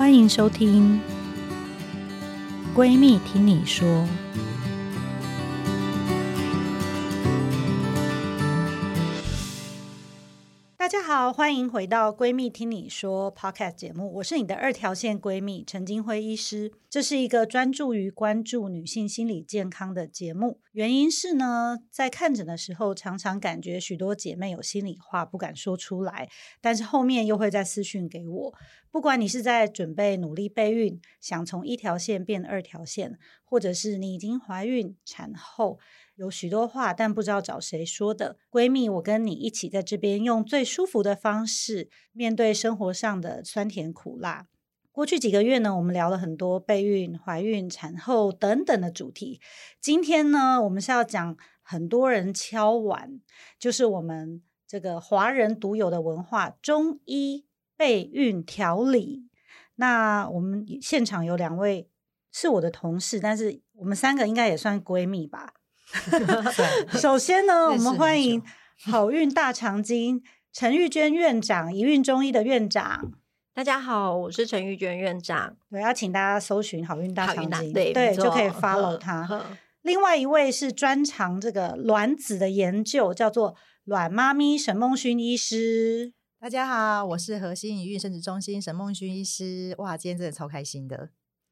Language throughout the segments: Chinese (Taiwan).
歡迎收聽《閨蜜聽你說》。大家好，歡迎回到《閨蜜聽你說》Podcast 節目，我是你的二條線閨蜜陳菁徽醫師。這是一個專注於關注女性心理健康的節目。原因是呢，在看診的時候，常常感覺許多姐妹有心裡話不敢說出來，但是後面又會再私訊給我。不管你是在準備努力備孕，想從一條線變二條線，或者是你已經懷孕、產後。有許多話，但不知道找誰說的。閨蜜，我跟你一起在這邊，用最舒服的方式面對生活上的酸甜苦辣。過去幾個月呢，我們聊了很多備孕、懷孕、產後等等的主題。今天呢，我們是要講很多人敲碗，就是我們這個華人獨有的文化——中醫備孕調理。那我們現場有兩位是我的同事，但是我們三個應該也算閨蜜吧。 對 首先呢，我們歡迎好孕大長今陳玉娟院長，宜蘊中醫的院長。大家好，我是陳玉娟院長。我要請大家搜尋好孕大長今、啊，對，對就可以 follow 他。另外一位是專長這個卵子的研究，叫做卵媽咪沈孟勳醫師。大家好，我是禾馨宜蘊生殖中心沈孟勳醫師。哇，今天真的超開心的。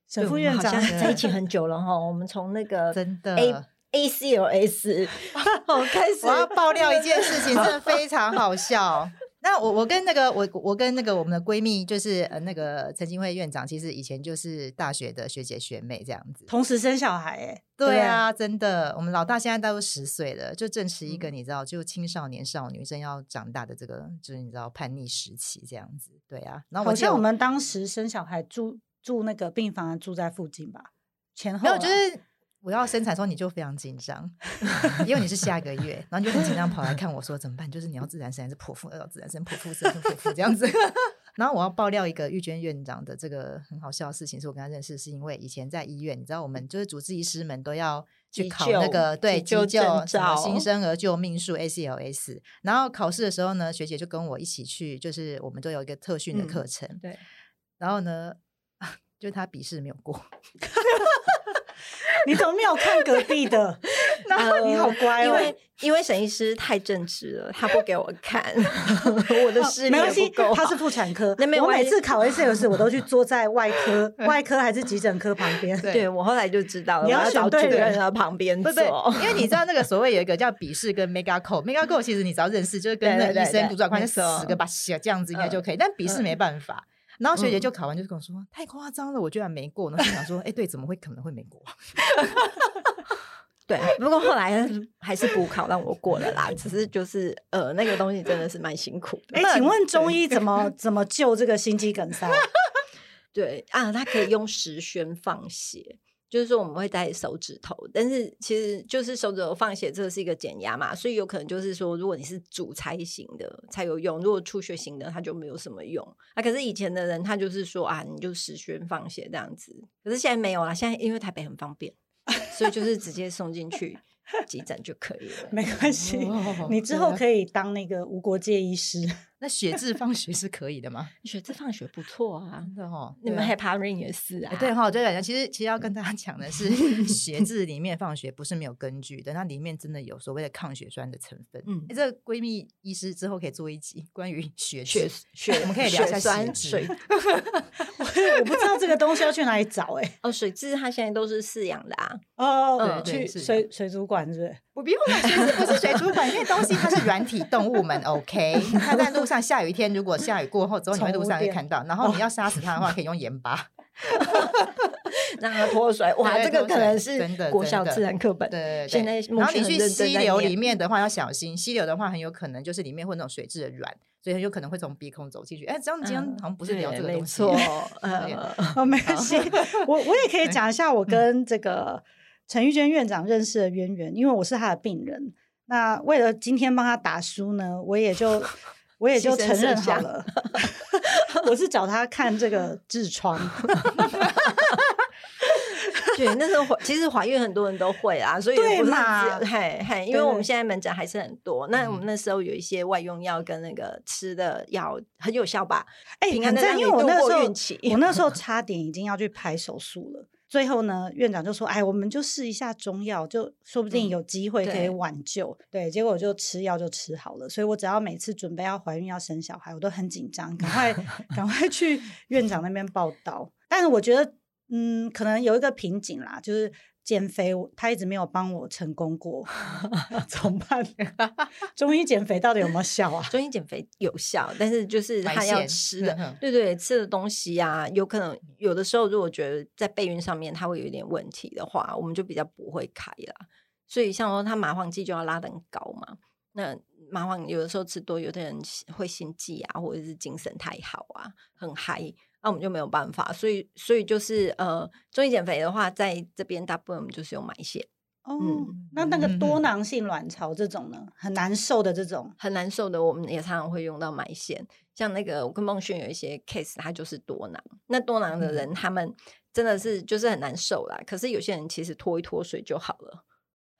沈副院長在一起很久了哈， 我們從那個真的。欸 A C O S LS。好開始。 我要爆料一件事情，真的非常好笑。 那我我跟那個我我跟那個我們的閨蜜，就是呃那個陳菁徽院長，其實以前就是大學的學姐學妹這樣子。同時生小孩、欸？哎，對啊，對啊真的。我們老大現在大概都十歲了，就正是一個你知道，就青少年少女生要長大的這個，就是你知道叛逆時期這樣子。對啊，那好像我們當時生小孩住住那個病房，住在附近吧，前後、啊、就是。我要生產的時候你就非常緊張、嗯，因為你是下個月， 然後你就很緊張跑來看我說 怎麼辦？就是你要自然生還是剖腹？要自然生剖腹生剖腹這樣子。然後我要爆料一個玉娟院長的這個很好笑的事情，是我跟她認識是因為以前在醫院，你知道我們就是主治醫師們都要去考那個對急救新生兒救命術 ACLS，然後考試的時候呢，學姐就跟我一起去，就是我們都有一個特訓的課程，嗯、對，然後呢，就是他筆試沒有過。 你怎麼沒有看隔壁的？你好乖哦，因為因為沈醫師太正直了，他不給我看，我的視力也不夠好。他是婦產科，沒有。我每次考一次有事，我都去坐在外科，外科還是急診科旁邊。對，我後來就知道你要找對人的旁邊坐。因為你知道那個所謂有一個叫筆試跟 Mega Code Mega Code 其實你只要認識，就是跟那醫生獨爪快的十個把血這樣子應該就可以。但筆試沒辦法。然後學姐就考完，就跟我說、嗯、太誇張了，我居然沒過。然後就想說，哎、 欸，對，怎麼會可能會沒過？ 對，不過後來還是補考讓我過了啦。只是就是呃，那個東西真的是蠻辛苦的。哎、嗯欸，請問中醫怎麼對怎麼救這個心肌梗塞？ 對啊，他可以用十宣放血。就是說我們會戴手指頭，但是其實就是手指頭放血，這是一個減壓嘛，所以有可能就是說，如果你是阻塞型的才有用，如果出血型的它就沒有什麼用。啊，可是以前的人他就是說啊，你就十宣放血這樣子，可是現在沒有啦，現在因為台北很方便，所以就是直接送進去急診就可以了， 沒關係，你之後可以當那個無國界醫師。那水蛭放血是可以的嗎？水蛭放血不錯啊，對哈，你們 heparin 也是啊。對哈，我再講講，其實其實要跟大家講的是，水蛭裡面放血不是沒有根據的，那裡面真的有所謂的抗血栓的成分。嗯，這閨蜜醫師之後可以做一集關於血血血，我們可以聊一下血水。我不知道這個東西要去哪裡找哎。哦，水蛭它現在都是飼養的啊。哦，對對，水水族館是。我別忘了，其是不是水族館，因為東西，它是軟體動物們。OK，它在路上下雨天，如果下雨過後，之後你在路上可以看到。然後你要殺死它的話，可以用鹽巴讓它脫水。哇，這個可能是真國小自然課本。對對。然後你去溪流裡面的話要小心，溪流的話很有可能就是裡面會那種水質的軟，所以很有可能會從鼻孔走進去。哎，這樣今天好像不是你要這個東西，沒錯。哦，沒關係，我我也可以講一下我跟這個，陳玉娟院長認識的淵源，因為我是他的病人。那為了今天幫他打書呢，我也就我也就承認好了。 深深 我是找他看這個痔瘡。對，那時候其實懷孕很多人都會啊，所以對嘛，嘿嘿，因為我們現在門診還是很多。對那我們那時候有一些外用藥跟那個吃的藥很有效吧？哎、欸，平安，因為我那時候 我那時候差點已經要去排手術了。最後呢，院長就說：“哎，我們就試一下中藥，就說不定有機會可以挽救。嗯”對，對，結果我就吃藥就吃好了。所以我只要每次準備要懷孕要生小孩，我都很緊張，趕快趕 快去院長那邊報到，但是我覺得，嗯，可能有一個瓶頸啦，就是。減肥，他一直沒有幫我成功過，怎 麼辦了？ 中醫減肥到底有沒有效啊？ 中醫減肥有效，但是就是他要吃的，嫌對、對對， 吃的東西呀，啊，有可能有的時候，如果覺得在備孕上面他會有一點問題的話，我們就比較不會開啦。所以像說他麻黃劑就要拉得很高嘛，那麻黃有的時候吃多，有的人會心悸啊，或者是精神太好啊，很嗨。那我們就沒有辦法，所以所以就是呃，中醫減肥的話，在這邊大部分我們就是用埋線。哦，嗯、那那個多囊性卵巢這種呢，很難受的這種，嗯、很難受的，我們也常常會用到埋線。像那個我跟孟勳有一些 case，他就是多囊。那多囊的人，嗯、他們真的是就是很難受啦。可是有些人其實拖一拖水就好了。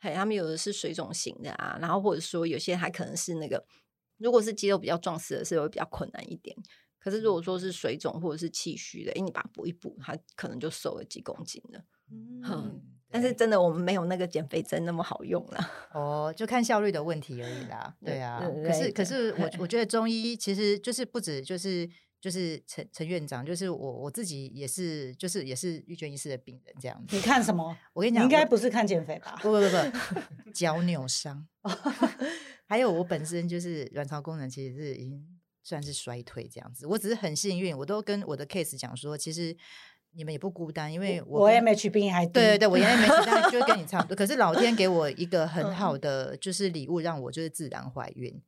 哎，他們有的是水腫型的啊，然後或者說有些還可能是那個，如果是肌肉比較壯實的，是會比較困難一點。可是，如果說是水腫或者是氣虛的，哎、欸，你把它補一補，它可能就瘦了幾公斤了。嗯，嗯但是真的，我們沒有那個減肥針那麼好用了。哦，就看效率的問題而已啦。對啊，可是可是我我覺得中醫其實就是不止就是就是陳陳院長，就是我我自己也是就是也是玉娟醫師的病人這樣子。你看什麼？我跟你講，你應該不是看減肥吧？不，不不不不， 腳扭傷， 還有我本身就是卵巢功能其實是。算是衰退，這樣子，我只是很幸運，我都跟我的 case 講說，其實你們也不孤單，因為我我 AMH 也很低，對對對，我 AMH 大概，就會跟你差不多。 可是老天給我一個很好的就是禮物，讓我就是自然懷孕。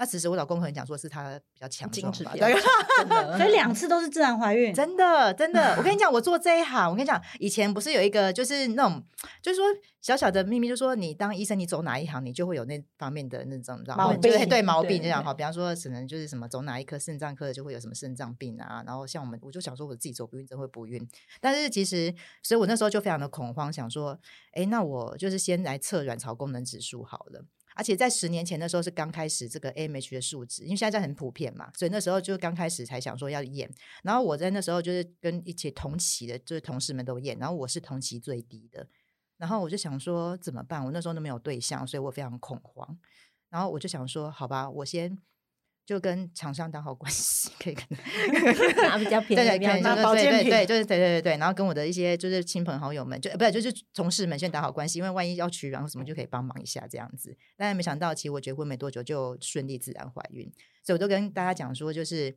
那其實我老公可能講說是他比較強壯嘛，對。 所以兩次都是自然懷孕真，真的真的。嗯、我跟你講，我做這一行，我跟你講，以前不是有一個就是那種，就是說小小的祕密，就是說你當醫生，你走哪一行，你就會有那方面的那種，你知對毛病就講、是、哈對。比方說，可能就是什麼走哪一科，腎臟科就會有什麼腎臟病啊。然後像我們，我就想說我自己走不孕，就會不孕。但是其實，所以我那時候就非常的恐慌，想說，哎、欸，那我就是先來測卵巢功能指數好了。而且在十年前的時候是剛開始這個 AMH 的數值，因為現在很普遍嘛，所以那時候就剛開始才想說要驗。然後我在那時候就是跟一起同期的，就是同事們都驗，然後我是同期最低的。然後我就想說怎麼辦？我那時候都沒有對象，所以我非常恐慌。然後我就想說，好吧，我先。就跟廠商打好關係，可以跟 拿比較便對對對對對，對、就是、對對對。然後跟我的一些就是親朋好友們，就不是就是同事們先打好關係，因為萬一要取卵什麼就可以幫忙一下這樣子。但家沒想到，其實我結婚沒多久就順利自然懷孕，所以我都跟大家講說、就是，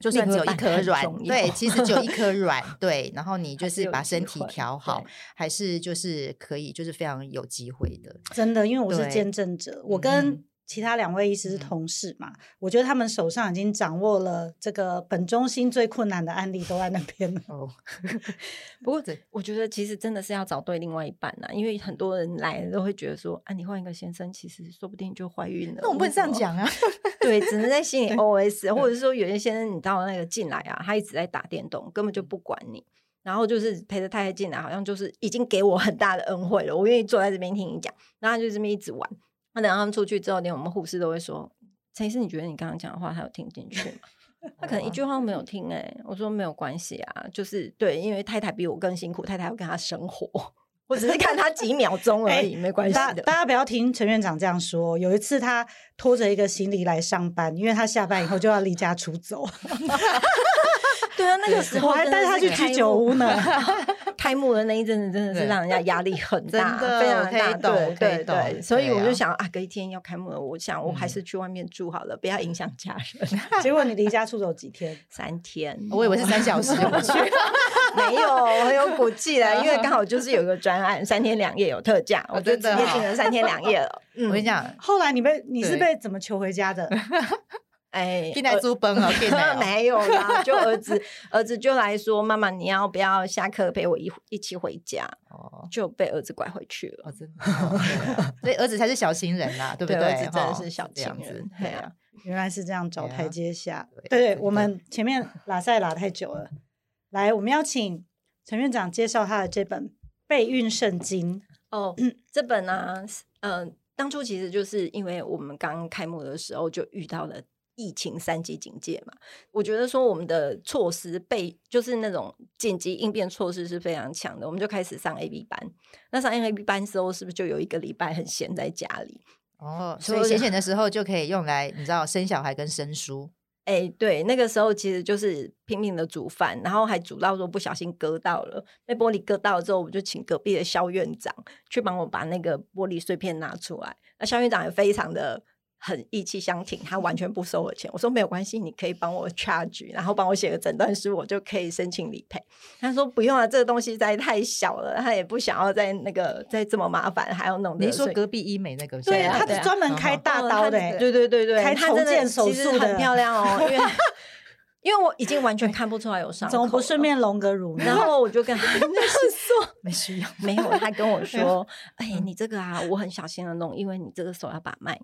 就是就算只有一顆卵，對， 其實只有一顆卵，對，然後你就是把身體調好，還是,還是就是可以，就是非常有機會的。真的，因為我是見證者，對我跟。嗯其他兩位醫師是同事嘛？嗯、我覺得他們手上已經掌握了這個本中心最困難的案例都在那邊了。哦、 不過我覺得其實真的是要找對另外一半啊，因為很多人來都會覺得說啊，你換一個先生，其實說不定就懷孕了。那我不能這樣講啊， 對，只能在心裡 OS，< 對 S 2> 或者是說有些先生你知道那個進來啊，他一直在打電動，根本就不管你，然後就是陪着太太進來，好像就是已經給我很大的恩惠了，我願意坐在這邊聽你講，然後就這麼一直玩。啊、等下他們出去之後，連我們護士都會說：“陳醫師，你覺得你剛剛講的話，他有聽進去嗎？” 他可能一句話都沒有聽哎、欸。我說，沒有關係啊，就是對，因為太太比我更辛苦，太太要跟他生活，我只是看他幾秒鐘而已， 欸、沒關係。大家不要聽陳院長這樣說。有一次他拖着一個行李來上班，因為他下班以後就要離家出走。 對啊，那個時候我還帶他去居 酒屋呢。 開幕的那一陣子，真的是讓人家壓力很大，非常大。對對對，所以我就想啊，隔一天要開幕了，我想我還是去外面住好了，不要影響家人。結果你離家出走幾天？三天？我以為是三小時，我去，沒有，我很有骨氣的，因為剛好就是有一個專案，三天兩夜有特價，我覺得直接訂了三天兩夜了。我跟你講，後來你被你是被怎麼求回家的？哎，現在租崩了，現在沒有啦，就兒子，兒子就來說：“媽媽，你要不要下課陪我一一起回家？”就被兒子拐回去了。所以兒子才是小心人啦，對不對？兒子真的是小心人，對啊，原來是這樣，找台階下。對對，我們前面拉賽拉太久了，來，我們要請陳院長介紹他的這本《備孕聖經》哦。這本呢，嗯，當初其實就是因為我們剛開幕的時候就遇到了。疫情三級警戒嘛，我覺得說我們的措施被就是那種緊急應變措施是非常強的，我們就開始上 A B 班。那上 A B 班時候，是不是就有一個禮拜很閒在家裡？哦，所以閒閒的時候就可以用來你知道生小孩跟生書。哎、欸，對，那個時候其實就是拼命的煮飯，然後還煮到說不小心割到了，被玻璃割到了之後，我們就請隔壁的肖院長去幫我把那個玻璃碎片拿出來。那肖院長也非常的。很意氣相挺，他完全不收我錢。我說沒有關係，你可以幫我 charge，然後幫我寫個診斷書，我就可以申請理賠。他說不用了，這個東西在太小了，他也不想要再那個再這麼麻煩，還要弄。你說隔壁醫美那個？對啊，他是專門開大刀的，對對對對，開重建手術很漂亮哦。因為因為我已經完全看不出來有傷，怎麼不順便隆個乳？然後我就跟他說：“沒需要沒有。”他跟我說：“哎，你這個啊，我很小心的弄，因為你這個手要把脈。”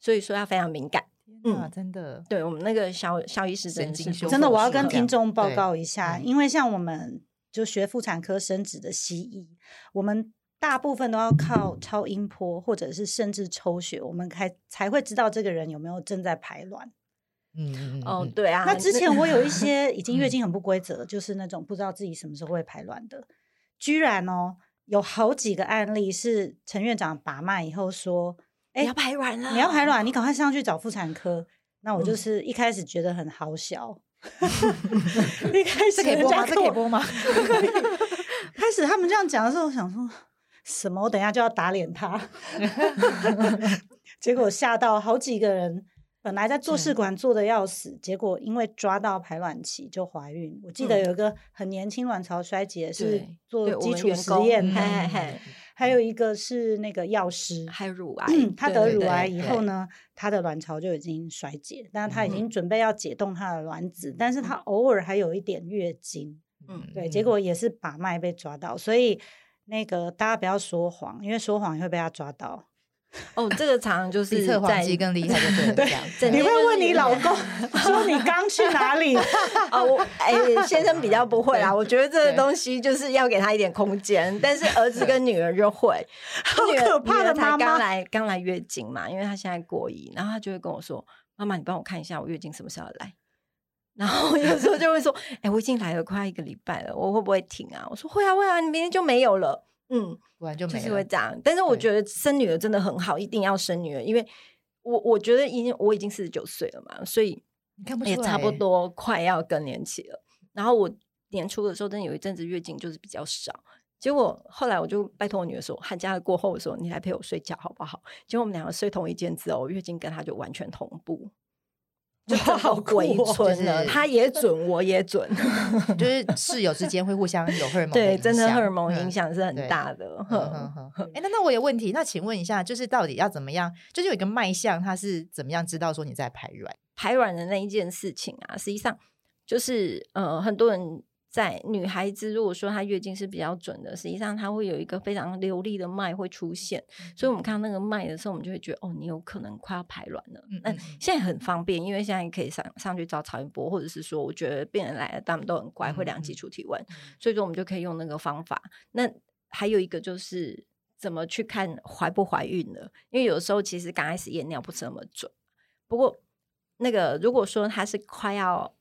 所以說他非常敏感，嗯，真的，對我們那個小小醫師真的，我要跟聽眾報告一下，因為像我們就學婦產科生殖的西醫，我們大部分都要靠超音波，或者是甚至抽血，我們才才會知道這個人有沒有正在排卵。嗯，哦，對啊，那之前我有一些已經月經很不規則，就是那種不知道自己什麼時候會排卵的，居然哦有好幾個案例是陳院長把脈以後說。欸、你要排卵了，你要排卵，你趕快上去找婦產科。嗯、那我就是一開始覺得很好笑， 一開始可以播嗎？ 可以播嗎？ 開始他們這樣講的時候，我想說什麼？我等一下就要打臉他。結果嚇到好幾個人，本來在做試管做的要死，是結果因為抓到排卵期就懷孕。嗯、我記得有一個很年輕卵巢衰竭是做基礎實驗的。還有一個是那個藥師，還有乳癌，他得乳癌以後呢，對對對，他的卵巢就已經衰竭，但是他已經準備要解凍他的卵子，嗯、但是他偶爾還有一點月經，嗯，對，結果也是把脈被抓到，嗯、所以那個大家不要說謊，因為說謊會被他抓到。哦，這個常常就是在機更厲害，對你會問你老公說你剛去哪裡？哦，我，哎，先生比較不會啦。我覺得這個東西就是要給他一點空間，但是兒子跟女兒就會。好可怕的，他剛來剛來月經嘛，因為他現在過姨，然後他就會跟我說：“媽媽，你幫我看一下我月經什麼時候來？”然後有時候就會說：“哎，我已經來了快一個禮拜了，我會不會停啊？”我說：“會啊，會啊，你明天就沒有了。”嗯，不然就沒事，會這樣，但是我覺得生女兒真的很好，對一定要生女兒。因為我我覺得已經我已經四十九歲了嘛，所以你看不出來，也差不多快要更年期了。然後我年初的時候，真的有一陣子月經就是比較少，結果後來我就拜托我女兒說，寒假的過後的時候，我說你來陪我睡覺好不好？結果我們兩個睡同一間之後，我月經跟她就完全同步。就好鬼準，好哦，就是、他也準，我也準， 就是室友之間會互相有荷爾蒙，對，真的荷爾蒙影響是很大的。欸、那那我有問題，那請問一下，就是到底要怎麼樣？就是有一個脈象，他是怎麼樣知道說你在排卵？排卵的那一件事情啊，實際上就是呃，很多人。在女孩子，如果說她月經是比較準的，實際上她會有一個非常流利的脈會出現，所以我們看到那個脈的時候，我們就會覺得哦，你有可能快要排卵了。那、嗯嗯嗯、現在很方便，因為現在可以上上去找超音波，或者是說，我覺得病人來了他們都很乖，會量基礎體溫，嗯嗯嗯所以說我們就可以用那個方法。那還有一個就是怎麼去看懷不懷孕了？因為有時候其實剛開始驗尿不是那麼準，不過那個如果說她是快要。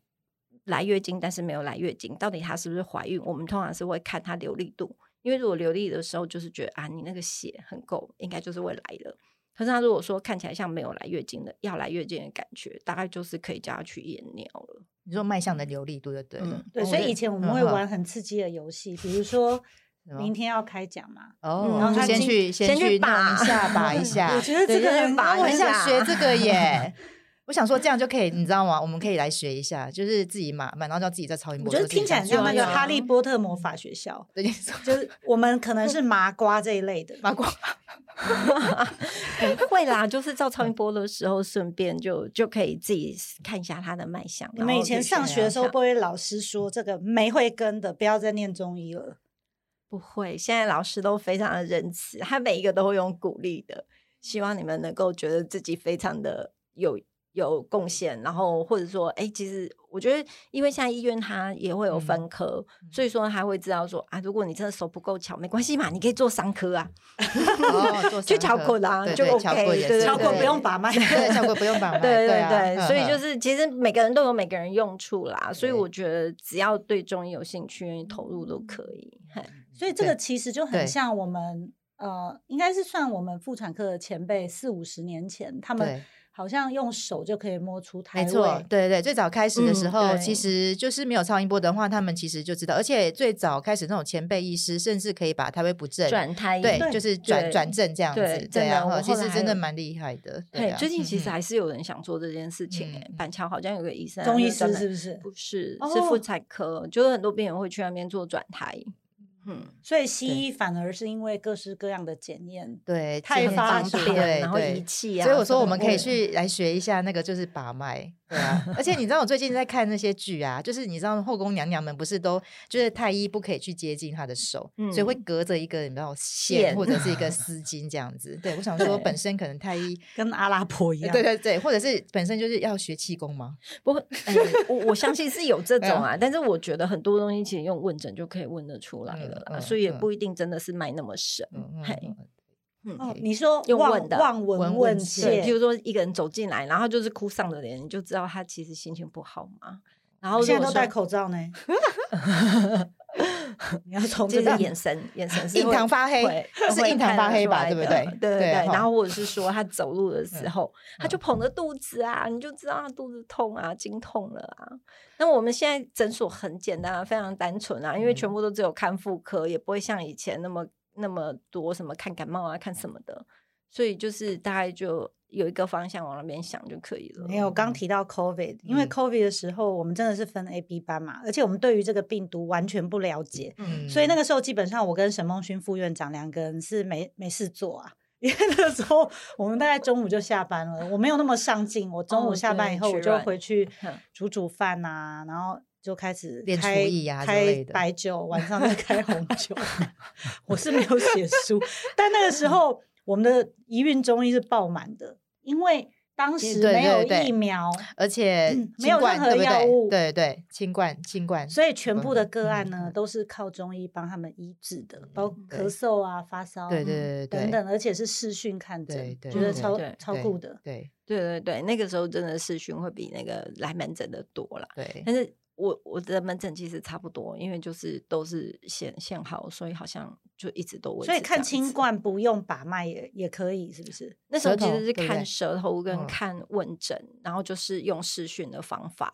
來月經，但是沒有來月經，到底她是不是懷孕？我們通常是會看她流利度，因為如果流利的時候，就是覺得啊，你那個血很夠，應該就是會來了。可是她如果說看起來像沒有來月經的，要來月經的感覺，大概就是可以叫她去驗尿了。你說脈象的流利度，就對了。對，所以以前我們會玩很刺激的遊戲，比如說明天要開獎嘛，然後先去先去拔一下，拔一下。我覺得這個拔，我很想學這個耶。 我想說這樣就可以，你知道嗎？我們可以來學一下，就是自己買買，然後叫自己在超音波。我覺得聽起來像那個哈利波特魔法學校。對、嗯，就是我們可能是麻瓜這一類的、嗯、麻瓜。不 會啦，就是照超音波的時候，順便就就可以自己看一下它的脈象。你們以前上學的時候，不會老師說這個沒慧根的，不要再念中醫了。不會，現在老師都非常的仁慈，他每一個都會用鼓勵的，希望你們能夠覺得自己非常的有。有貢獻，然後或者說，哎，其實我覺得，因為現在醫院他也會有分科，所以說他會知道說啊，如果你真的手不夠巧，沒關係嘛，你可以做傷科啊，去喬骨啦，就 OK，對，喬骨不用把脈，對，喬骨不用把脈，對對對，所以就是其實每個人都有每個人用處啦，所以我覺得只要對中醫有興趣、願意投入都可以。所以這個其實就很像我們呃，應該是算我們婦產科的前輩四五十年前他們。好像用手就可以摸出胎位。沒錯，對對對，最早開始的時候，其實就是沒有超音波的話，他們其實就知道。而且最早開始那種前輩醫師，甚至可以把胎位不正、轉胎，對，就是轉轉正這樣子，這樣的話，其實真的蠻厲害的。對啊，最近其實還是有人想做這件事情。板橋好像有個醫生，中醫師是不是？不是，是婦產科，就是很多病人會去那邊做轉胎。嗯，所以西醫反而是因為各式各樣的檢驗，對，太方便，然後儀器啊，所以我說我們可以去來學一下那個，就是把脈，對啊。而且你知道，我最近在看那些劇啊，就是你知道後宮娘娘們不是都，就是太醫不可以去接近她的手，所以會隔着一個你知道線或者是一個絲巾這樣子。對，我想說，本身可能太醫跟阿拉伯一樣，對對對，或者是本身就是要學氣功嗎？不過我我相信是有這種啊，但是我覺得很多東西其實用問診就可以問得出來了。嗯嗯、所以也不一定真的是脈那麼神，嗯，嗯，嘿嗯哦，你說望望聞問切，對譬如說一個人走進來，然後就是哭喪着臉，你就知道他其實心情不好嘛。然後現在都戴口罩呢。 你要從這個眼神、眼神是印堂發黑，是印堂發黑吧？對不對？對。然後或者是說他走路的時候，他就捧着肚子啊，你就知道他肚子痛啊，經痛了啊。那我們現在診所很簡單啊，非常單純啊，因為全部都只有看婦科，也不會像以前那麼那麼多什麼看感冒啊，看什麼的。所以就是大概就。有一個方向，往那邊想就可以了。沒有剛提到 COVID、嗯、因為 COVID 的時候，我們真的是分 A、B 班嘛，嗯、而且我們對於這個病毒完全不了解，嗯、所以那個時候基本上我跟沈孟勳副院長兩個人是沒沒事做啊。因為那個時候我們大概中午就下班了， 我沒有那麼上進，我中午下班以後我就回去煮煮飯啊，然後就開始廚藝、啊、開白酒，晚上再開紅酒。 我是沒有寫書， 但那個時候我們的宜蘊中醫是爆滿的。因為當時沒有疫苗，而且沒有任何藥物，對對，清冠，清冠，所以全部的個案呢，都是靠中醫幫他們醫治的，包括咳嗽啊、發燒，啊等等，而且是視訊看診，覺得超超酷的，對對對對，那個時候真的視訊會比那個來門診的多啦，對，但是。我我的門診其實差不多，因為就是都是限限號，所以好像就一直都問。所以看清冠不用把脈也也可以，是不是？舌頭，那時候其實是看舌頭跟看問診，對對對，然後就是用視訊的方法。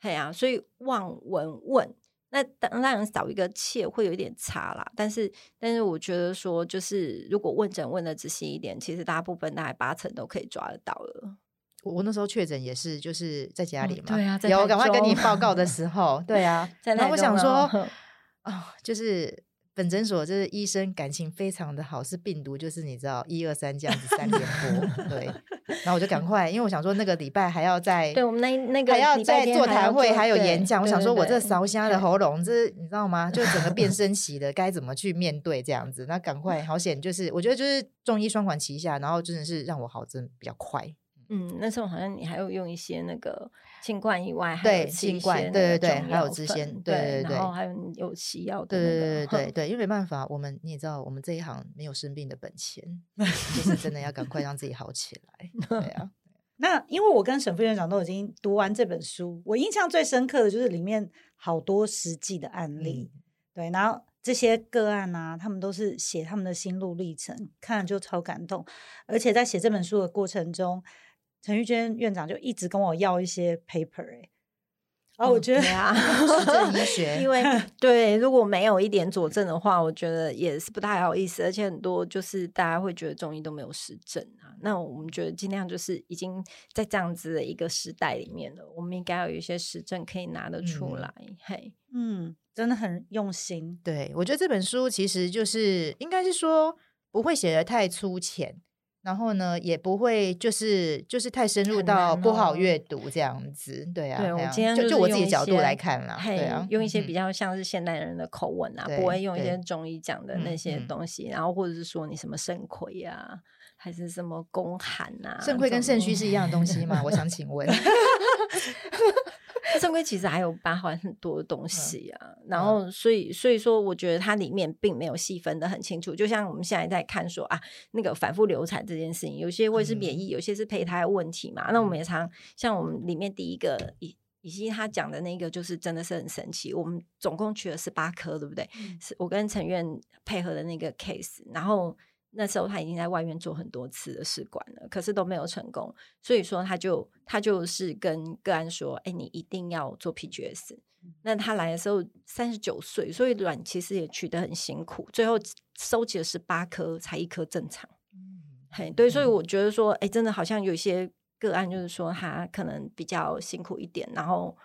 對、哦、啊，所以望聞問，那當然少一個切會有一點差啦。但是但是我覺得說，就是如果問診問得仔細一點，其實大部分大概八成都可以抓得到了。我，我那時候確診也是，就是在家裡嘛。嗯、對啊。有趕快跟你報告的時候，對啊。 在然後我想說，哦，就是本診所就是醫生感情非常的好，是病毒，就是你知道一二三這樣子 三連播，對。然後我就趕快，因為我想說那個禮拜還要在，對我們那那個還要在座談會還有，做還有演講，對對對對我想說我這燒瞎的喉嚨，對對對對這是你知道嗎？就整個變聲期的該 怎麼去面對這樣子？那趕快，好險，就是我覺得就是中醫雙管齊下，然後真的是讓我好真的比較快。嗯，那時候好像你還有用一些那個清冠，以外，還有對清冠，對對對，還有這些，對對，對，對然後還有你有需要的、那個，對對對，因為沒辦法，我們你也知道，我們這一行沒有生病的本錢， 就是真的要趕快讓自己好起來。 對啊， 那因為我跟沈副院長都已經讀完這本書，我印象最深刻的就是裡面好多實際的案例，嗯、對，然後這些個案啊，他們都是寫他們的心路歷程，嗯、看了就超感動，而且在寫這本書的過程中。陳玉娟院長就一直跟我要一些 paper 哎、欸，嗯、哦我覺得、嗯、啊，學 因為對，如果沒有一點佐證的話，我覺得也是不太好意思，而且很多就是大家會覺得中醫都沒有實證、啊、那我們覺得儘量就是已經在這樣子的一個時代裡面了，我們應該有一些實證可以拿得出來。嗯、嘿，嗯，真的很用心。對，我覺得這本書其實就是應該是說不會寫得太粗淺。然後呢，也不會就是就是太深入到不好閱讀這樣子，對啊，對啊，就就我自己角度來看啦，對啊，用一些比較像是現代人的口吻啊，不會用一些中醫講的那些東西，然後或者是說你什麼腎虧啊，還是什麼宮寒啊。腎虧跟腎虛是一樣的東西嗎？我想請問。正規其實還有包含很多東西啊，嗯、然後所以所以說，我覺得它裡面並沒有細分得很清楚。就像我們現在在看說啊，那個反覆流產這件事情，有些會是免疫，有些是胚胎的問題嘛。嗯、那我們也常像我們裡面第一個以以及他講的那個，就是真的是很神奇。我們總共取了十八顆，對不對？是我跟陳院配合的那個 case，然後。那時候他已經在外面做很多次的試管了，可是都沒有成功，所以說他就他就是跟個案說：“哎、欸，你一定要做 PGS。”那他來的時候三十九歲，所以卵其實也取得很辛苦，最後收集了十八顆，才一顆正常。嘿、嗯，對，所以我覺得說，哎、欸，真的好像有些個案就是說，他可能比較辛苦一點，然後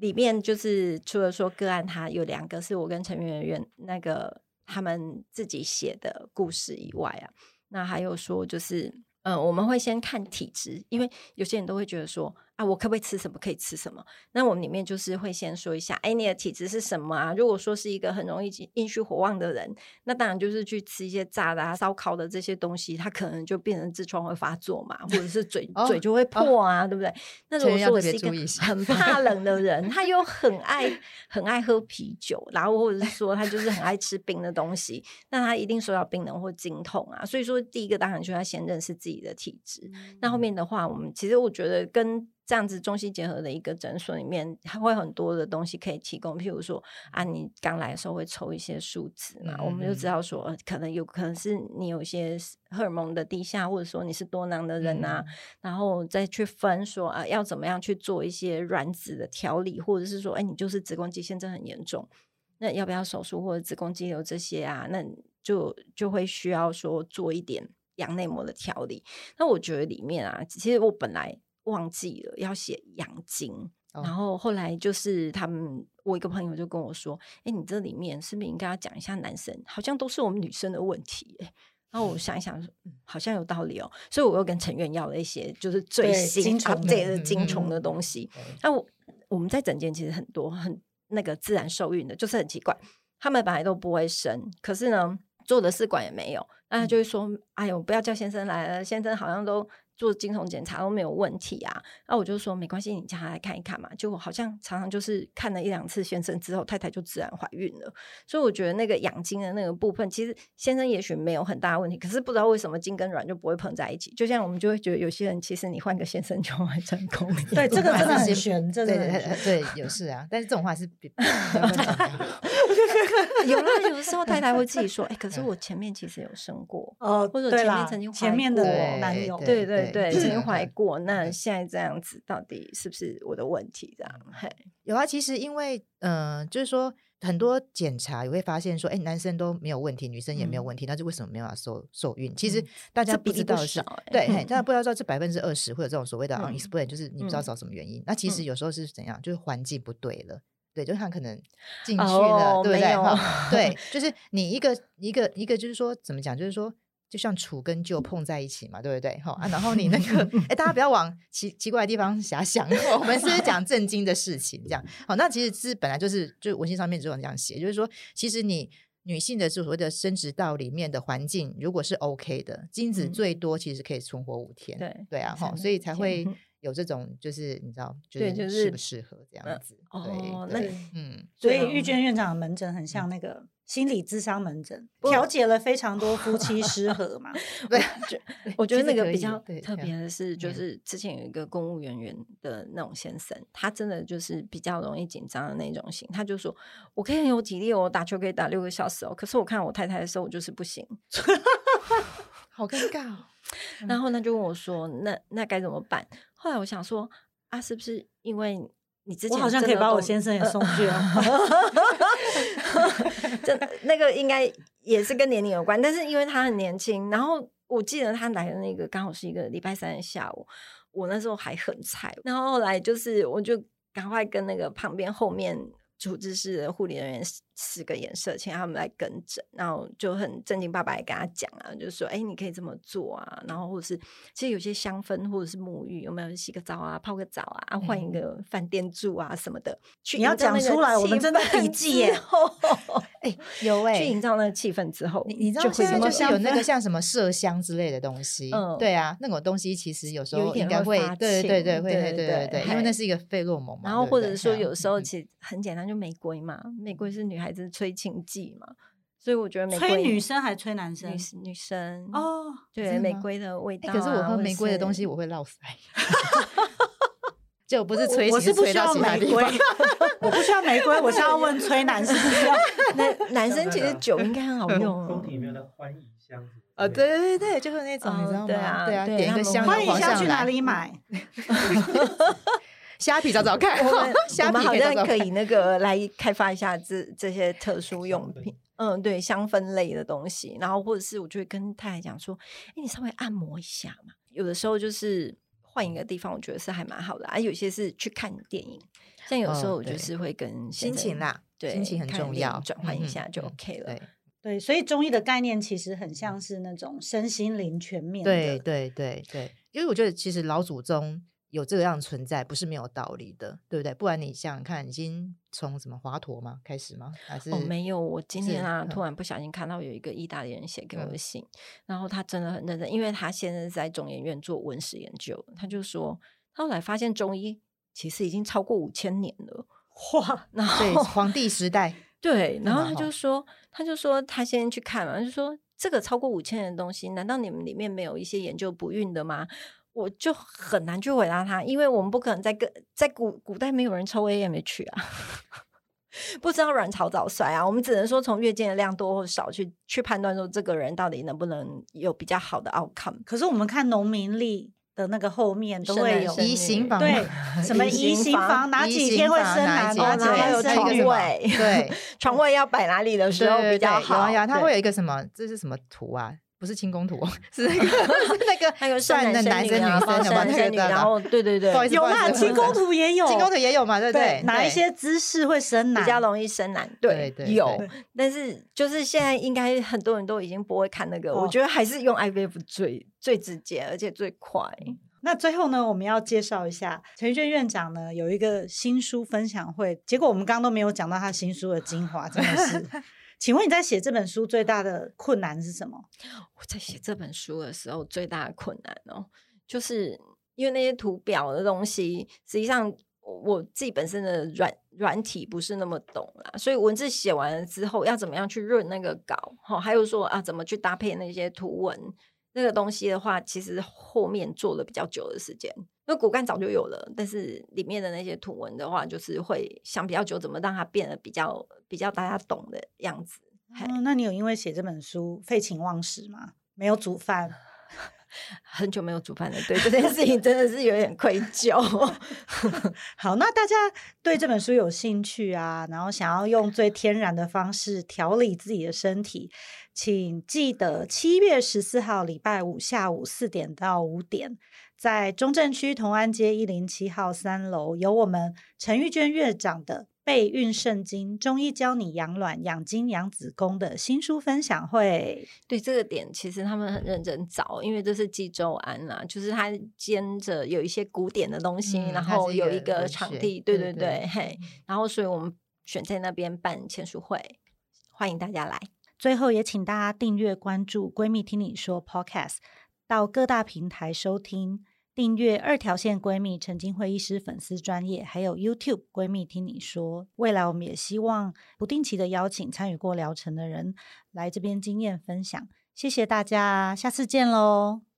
裡面就是除了說個案，他有兩個是我跟陳媛媛那個。他們自己寫的故事以外啊，那還有說就是，嗯、呃，我們會先看體質，因為有些人都會覺得說。啊、我可不可以吃什麼？可以吃什麼？那我們裡面就是會先說一下，哎、欸，你的體質是什麼啊？如果說是一個很容易陰虛火旺的人，那當然就是去吃一些炸的，啊、燒烤的這些東西，他可能就變成痔瘡會發作嘛，或者是嘴、 哦、嘴就會破啊，哦、對不對？那如果說我是一個很怕冷的人，他又很愛很愛喝啤酒， 然後或者是說他就是很愛吃冰的東西， 那他一定受到冰冷或經痛啊。所以說，第一個當然就是要先認識自己的體質。嗯、那後面的話，我們其實我覺得跟這樣子中西結合的一個診所裡面，它會很多的東西可以提供。譬如說啊，你剛來的時候會抽一些數值嘛，嗯、哼我們就知道說可能有可能是你有一些荷爾蒙的低下，或者說你是多囊的人啊，嗯、哼然後再去分說啊，要怎麼樣去做一些卵子的調理，或者是說，哎、欸，你就是子宮肌腺症很嚴重，那要不要手術或者子宮肌瘤這些啊？那你就就會需要說做一點養內膜的調理。那我覺得裡面啊，其實我本來。忘記了要寫養精，哦、然後後來就是他們，我一個朋友就跟我說：“哎，你這裡面是不是應該要講一下男生？好像都是我們女生的問題。”哎，然後我想一想、嗯嗯，好像有道理哦，所以我又跟陳院要了一些就是最新的啊，這個精蟲的東西。那、嗯嗯嗯、我我們在整間其實很多很那個自然受孕的，就是很奇怪，他們本來都不會生，可是呢做的試管也沒有，那他就會說：“嗯、哎呦，不要叫先生來了，先生好像都。”做精蟲檢查都沒有問題啊，那、啊、我就說沒關係，你叫他來看一看嘛。就好像常常就是看了一兩次先生之後，太太就自然懷孕了。所以我覺得那個養精的那個部分，其實先生也許沒有很大問題，可是不知道為什麼精跟卵就不會碰在一起。就像我們就會覺得有些人其實你換個先生就會成功，對這個是很玄，對對對，有事啊。但是這種話是比 有有的時候太太會自己說，哎、欸，可是我前面其實有生過哦，或者前面曾經前面的男友，對對。對對對，曾懷過，那現在這樣子，到底是不是我的問題這樣？有啊，其實因為，嗯，就是說很多檢查也會發現說，哎，男生都沒有問題，女生也沒有問題，那就為什麼沒有受受孕？其實大家不知道，對，大家不知道，這百分之二十會有這種所謂的嗯，unexplained 就是你不知道找什麼原因。那其實有時候是怎樣，就是環境不對了，對，就是他可能進去了，對不對？對，就是你一個一個一個，就是說怎麼講，就是說。就像杵跟臼碰在一起嘛，對不對？哦、啊，然後你那個， 誒大家不要往奇奇怪的地方遐想， 我們是，不是講正經的事情，這樣。好、哦，那其實是本來就是，就文獻上面只有這樣寫，就是說，其實你女性的所謂的生殖道裡面的環境，如果是 OK 的，精子最多其實可以存活五天，嗯、對對啊才、哦，所以才會。有這種就是你知道，對，對，就是適不適合這樣子。對哦，對那是嗯，所以玉娟院長的門診很像那個心理諮商門診，調不解了非常多夫妻失和嘛。我覺得那個比較特別的是，就是之前有一個公務員員的那種先生，嗯、他真的就是比較容易緊張的那種型，他就說：“我可以很有體力，我打球可以打六個小時哦。可是我看我太太的時候，我就是不行。 ”好尷尬。嗯、然後他就問我說：“那那該怎麼辦？”後來我想說：“啊，是不是因為你之前……好像可以把我先生也送去了。” 就那個應該也是跟年齡有關，但是因為他很年輕。然後我記得他來的那個剛好是一個禮拜三的下午，我那時候還很菜。然後後來就是我就趕快跟那個旁邊後面處置室的護理人員。四個顏色，請他們來跟診，然後就很正經八百跟他講啊，就是說，哎，你可以這麼做啊，然後或者是其實有些香氛或者是沐浴，有沒有洗個澡啊，泡個澡啊，換一個飯店住啊什麼的，去你要講出來，我們真的筆記耶，哎有哎，去營造那個氣氛之後，你你知道就是有那個像什麼麝香之類的東西，嗯，對啊，那種東西其實有時候應該會，對對對，會會對對對，因為那是一個費洛蒙嘛，然後或者說有時候其實很簡單，就玫瑰嘛，玫瑰是女孩。是催情劑嘛？所以我覺得催女生還是催男生？女生哦，對，玫瑰的味道。可是我喝玫瑰的東西，我會落水。就不是催，我是不需要玫瑰，我不需要玫瑰，我是要問催男生。男男生其實酒應該很好用。宮廷裡面的歡愉香。啊，對對對對，就是那種，你知道嗎？對啊，點一個香。歡愉香去哪裡買？蝦皮找找看，找找看我們好像可以那個來開發一下這這些特殊用品，香氛。嗯，對，香氛類的東西，然後或者是我就會跟太太講說，哎、欸，你稍微按摩一下嘛，有的時候就是換一個地方，我覺得是還蠻好的，啊，有些是去看電影，像有時候我就是會跟、嗯、對心情啦，對，心情很重要，轉換一下就 OK 了，嗯嗯對對，所以中醫的概念其實很像是那種身心靈全面，對，對對對對，因為我覺得其實老祖宗。有這樣存在不是沒有道理的，對不對？不然你想想看，已經從什麼華佗嗎開始嗎？還是、哦、沒有？我今天啊，嗯、突然不小心看到有一個意大利人寫給我的信，嗯、然後他真的很認真，因為他現在在中研院做文史研究，他就說，後來發現中醫其實已經超過五千年了，哇！對，黃帝時代對，對嗎？對，然後他就說，他就說他先去看了，他就說這個超過五千年的東西，難道你們裡面沒有一些研究不孕的嗎？我就很難去回答他，因為我們不可能在個，在古古代沒有人抽 AMH 啊呵呵，不知道卵巢早衰啊，我們只能說從月經的量多或少去去判斷說這個人到底能不能有比較好的 outcome。可是我們看農民曆的那個後面都會有移行房，對，什麼移行房哪幾天會生男啊，然後有床位，對，床位要擺哪裡的時候比較好呀？他會有一個什麼？對這是什麼圖啊？不是清宮圖，是那個那個算的男生女生，生女，然後對對對。有啊，清宮圖也有，清宮圖也有嘛，對對？哪一些姿勢會生男，比較容易生男？對對，有，但是就是現在應該很多人都已經不會看那個，我覺得還是用 I V F 最最直接，而且最快。那最後呢，我們要介紹一下陳玉娟院長呢有一個新書分享會，結果我們剛剛都沒有講到他新書的精華，真的是。請問你在寫這本書最大的困難是什麼？我在寫這本書的時候最大的困難哦，就是因為那些圖表的東西，實際上我自己本身的軟軟體不是那麼懂啦，所以文字寫完了之後要怎麼樣去潤那個稿，吼，還有說啊怎麼去搭配那些圖文那個東西的話，其實後面做了比較久的時間。那骨幹早就有了，但是裡面的那些圖文的話，就是會想比較久，怎麼讓它變得比較比較大家懂的樣子。嗯、嘿那你有因為寫這本書廢寢忘食嗎？沒有煮飯， 很久沒有煮飯了，對這件事情真的是有點愧疚。 好，那大家對這本書有興趣啊？然後想要用最天然的方式調理自己的身體，請記得七月十四號禮拜五下午四點到五點，在中正區同安街一零七號三樓，有我們陳玉娟院長的《備孕聖經：中醫教你養卵、養精、養子宮》的新書分享會。對這個點，其實他們很認真找，因為這是紀州庵啦，啊，就是他兼着有一些古典的東西，嗯、然後有一個場地，嗯、對對對，嘿，然後所以我們選在那邊辦簽書會，歡迎大家來。最後也請大家訂閱關注“閨蜜聽你說 ”Podcast，到各大平台收聽。訂閱二條線閨蜜、陳菁徽醫師粉絲專頁還有 YouTube 閨蜜聽你說。未來我們也希望不定期的邀請參與過療程的人來這邊經驗分享。謝謝大家，下次見嘍！